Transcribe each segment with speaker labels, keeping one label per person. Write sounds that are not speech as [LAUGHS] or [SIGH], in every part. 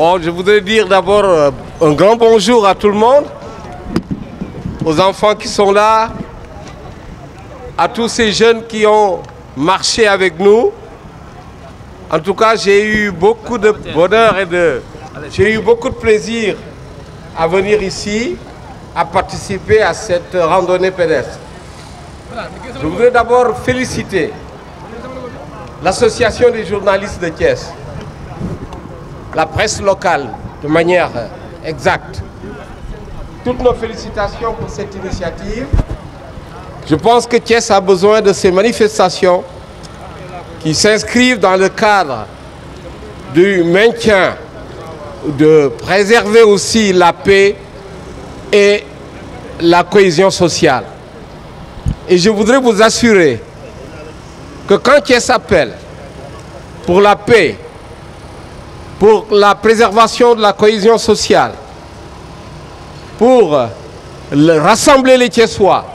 Speaker 1: Bon, je voudrais dire d'abord euh, un grand bonjour à tout le monde, aux enfants qui sont là, à tous ces jeunes qui ont marché avec nous. En tout cas, j'ai eu beaucoup de bonheur et de... J'ai eu beaucoup de plaisir à venir ici, à participer à cette randonnée pédestre. Je voudrais d'abord féliciter l'association des journalistes de Thiès la presse locale de manière euh, exacte. Toutes nos félicitations pour cette initiative. Je pense que Thiès a besoin de ces manifestations qui s'inscrivent dans le cadre du maintien, de préserver aussi la paix et la cohésion sociale. Et je voudrais vous assurer que quand Thiès appelle pour la paix, pour la préservation de la cohésion sociale, pour le, rassembler les Thiessois.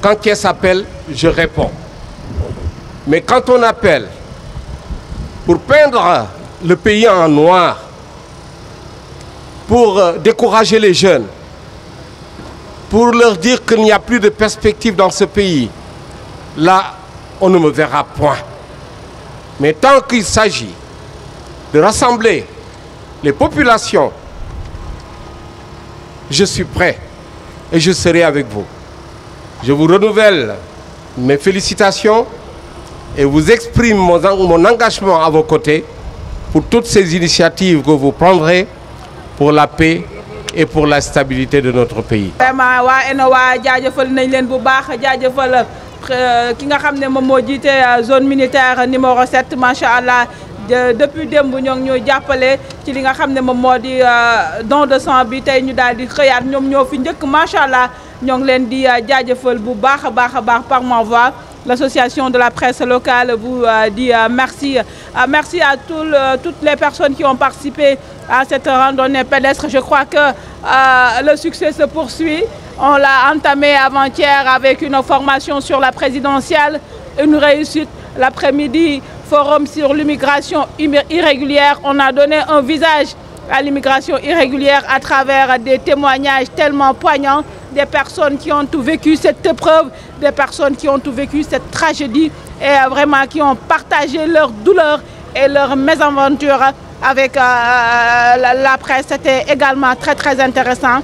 Speaker 1: Quand Thiès appelle, je réponds. Mais quand on appelle pour peindre le pays en noir, pour euh, décourager les jeunes, pour leur dire qu'il n'y a plus de perspective dans ce pays, là, on ne me verra point. Mais tant qu'il s'agit de rassembler les populations, je suis prêt et je serai avec vous. Je vous renouvelle mes félicitations et vous exprime mon, engagement à vos côtés pour toutes ces initiatives que vous prendrez pour la paix et pour la stabilité de notre pays.
Speaker 2: vraiment waa ENOA jaajëfal nañ leen bu baax jaajëfal euh, ki nga xam ne moom moo jiite euh, zone militaire numéro 7 macha allah. depuis démb ñoo ngi ñoo jàppale ci li nga xam ne moom moo di euh, don de sang bi tey ñu daal di xëyaat ñoom ñoo fi njëkk macha allah ñoo ngi leen di euh, jaajëfal bu baax a baax a baax par ma voix l'association de la presse locale vous euh, di merci merci à tout le, toutes les personnes qui ont participé à cette randonnée pédestre je crois que euh, le succès se poursuit on l'a entamé avant-hier avec une formation sur la présidentielle une réussite l'après-midi forum sur l'immigration irrégulière. On a donné un visage à l'immigration irrégulière à travers des témoignages tellement poignants des personnes qui ont tout vécu cette épreuve, des personnes qui ont tout vécu cette tragédie et vraiment qui ont partagé leur douleur et leur mésaventure avec euh, la, presse. C'était également très très intéressant.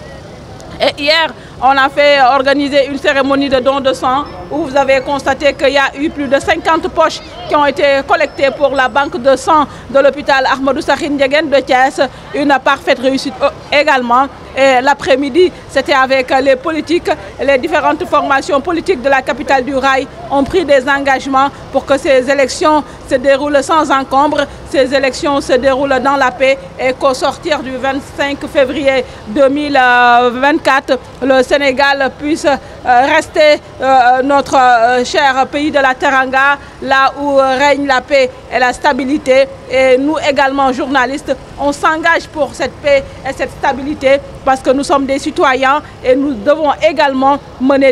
Speaker 2: Et hier, on a fait organiser une cérémonie de don de sang où vous avez constaté qu'il y a eu plus de 50 poches qui ont été collectées pour la banque de sang de l'hôpital Ahmadou Sakhin Djegen de Thiès. Une parfaite réussite euh, également. Et l'après-midi, c'était avec les politiques, les différentes formations politiques de la capitale du rail ont pris des engagements pour que ces élections se déroulent sans encombre, ces élections se déroulent dans la paix et qu'au sortir du 25 février 2024, le Sénégal puisse euh, rester euh, notre euh, cher pays de la Teranga, là où la paix et la stabilité. Et également, journalistes, on s'engage pour et cette stabilité parce que nous sommes des citoyens et nous devons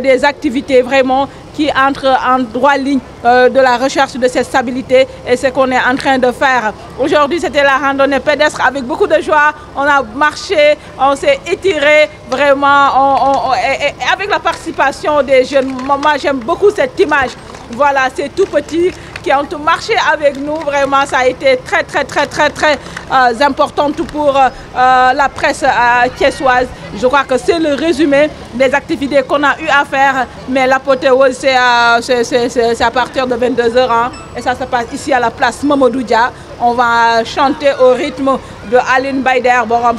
Speaker 2: des activités vraiment qui entre en droit ligne euh, de la recherche de cette stabilité et ce qu'on est en train de faire. Aujourd'hui, c'était la randonnée pédestre avec beaucoup de joie. On a marché, on s'est étiré vraiment on, on, et, et avec la participation des jeunes. Moi, j'aime beaucoup cette image. Voilà, c'est tout petit, qui ont marché avec nous. Vraiment, ça a été très, très, très, très, très euh, important pour euh, euh, euh, Je crois que c'est le résumé des activités qu'on a à faire. Mais l'apothéose, c'est à partir de 22h. Hein, et ça se passe ici la place Momodoudia. On va chanter au rythme de Aline Baider, Borom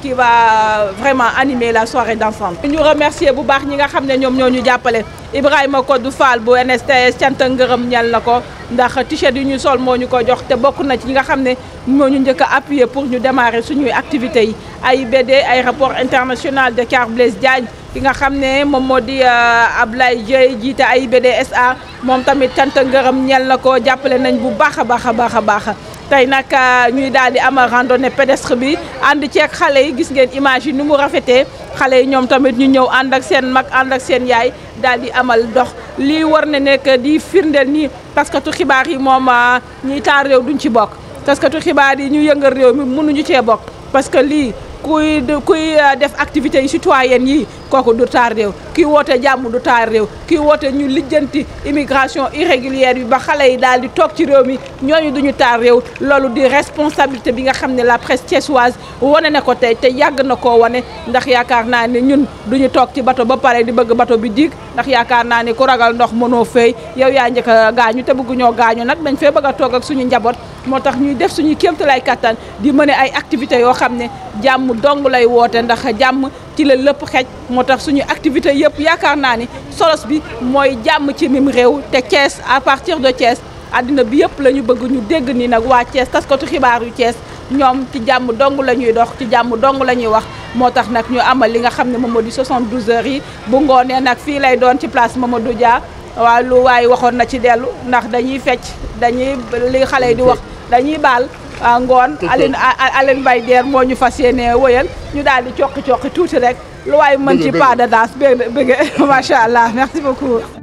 Speaker 2: qui va vraiment animer la soirée d'ensemble. ñu remercier bu baax ñi nga xam ne ñoom ñoo ñu jàppale Ibrahima Kodou Fall bu NSTS cant ngërëm ñal na ko. ndax t-shirt ñu sol moo ñu ko jox te bokk na ci ñi nga xam ne moo ñu njëkk a appuyer pour ñu démarrer suñuy activités yi ay rapport international de Car Blaise Diagne ki nga xam ne moom moo di euh, Ablaye Dieye jiite AIBD SA moom tamit cant ngërëm ñel na ko jàppale nañ bu baax a baax a baax a baax tey nag euh, ñuy daal di amal randonnée pédestre bi ànd ceeg xale yi gis ngeen image yi ni mu rafetee xale yi ñoom tamit ñu ñëw ànd ak seen mag ànd ak seen yaay daal di amal dox lii war na nekk di firndeel nii taskatu xibaar yi moom ah, ñuy taar réew duñ ci bokk taskatu xibaar yi ñu yëngal réew mi mënuñu cee bokk parce que lii kuy kuy euh, def activités yi citoyennes yi kooku du taar réew kii woote jàmm du taar réew kii woote ñu lijjanti immigration irrégulière bi ba xale yi daal di toog ci réew mi ñooñu duñu taar réew loolu di responsabilité bi nga xam ne la presse thiessoise wane ne ko tey te yàgg na koo wane ndax yaakaar naa ne ñun duñu toog ci bato ba pare di bëgg bato bi diig ndax yaakaar naa ne ku ragal ndox mënoo feey yow yaa njëkk gaañu te bëgguñoo gaañu nag dañ fee bëgg a toog ak suñu njaboot moo tax ñuy def suñu kéemtalaay kattan di mën ay activités yoo xam ne jàmm dong lay woote ndax jàmm ci la lépp xeej moo tax suñu activité yëpp yaakaar naa ni solos bi mooy jàmm ci mim réew te Thiès à partir de Thiès àddina bi yëpp la ñu bëgg ñu dégg nii nag waa Thiès taskatu xibaar yu Thiès ñoom ci jàmm dong la ñuy dox ci jàmm dong la ñuy wax moo tax nag ñu amal li nga xam ne Mamadou 72 heures yi bu ngoonee nag fii lay doon ci place Mamadou Dia waaw lu waaye waxoon na ci dellu ndax dañuy fecc dañuy xale yi di a ngoon Aline Aline Mbaye Dièr moo ñu fas yéene wëyal ñu daal di coqi coqi tuuti rek lu waay mën ci pas de danse bég bégg [LAUGHS] macha allah merci beaucoup